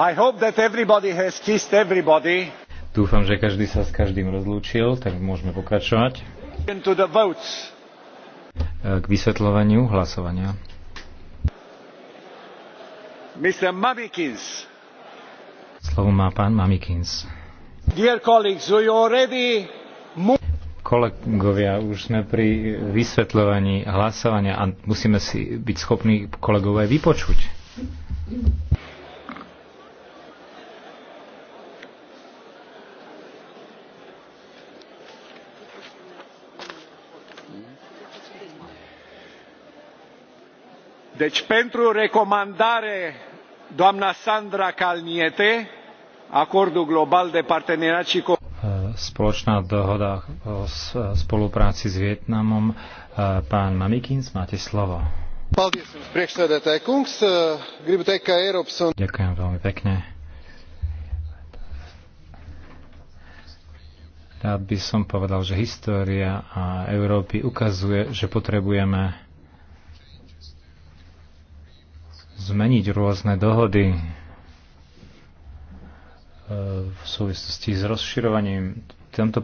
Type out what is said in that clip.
I hope that everybody has kissed everybody. Dúfam, že každý sa s každým rozlúčil, tak môžeme pokračovať. To the votes. E, k vysvetľovaniu hlasovania. Mr. Mamikins. Slovo má pán Mamikins. Dear colleagues, we already kolegovia, už sme pri vysvetľovaní hlasovania a musíme si byť schopní kolegové vypočuť. deci pentru recomandare doamna Sandra Kalniete, acordul global de parteneriat și co- eh, spoločná dohoda o spolupráci s Vietnamom. Eh, pán Mamikins, máte slovo. Eh, Ďakujem veľmi pekne. Rád by som povedal, že história a Európy ukazuje, že potrebujeme zmeniť rôzne dohody e, v súvislosti s rozširovaním. V tomto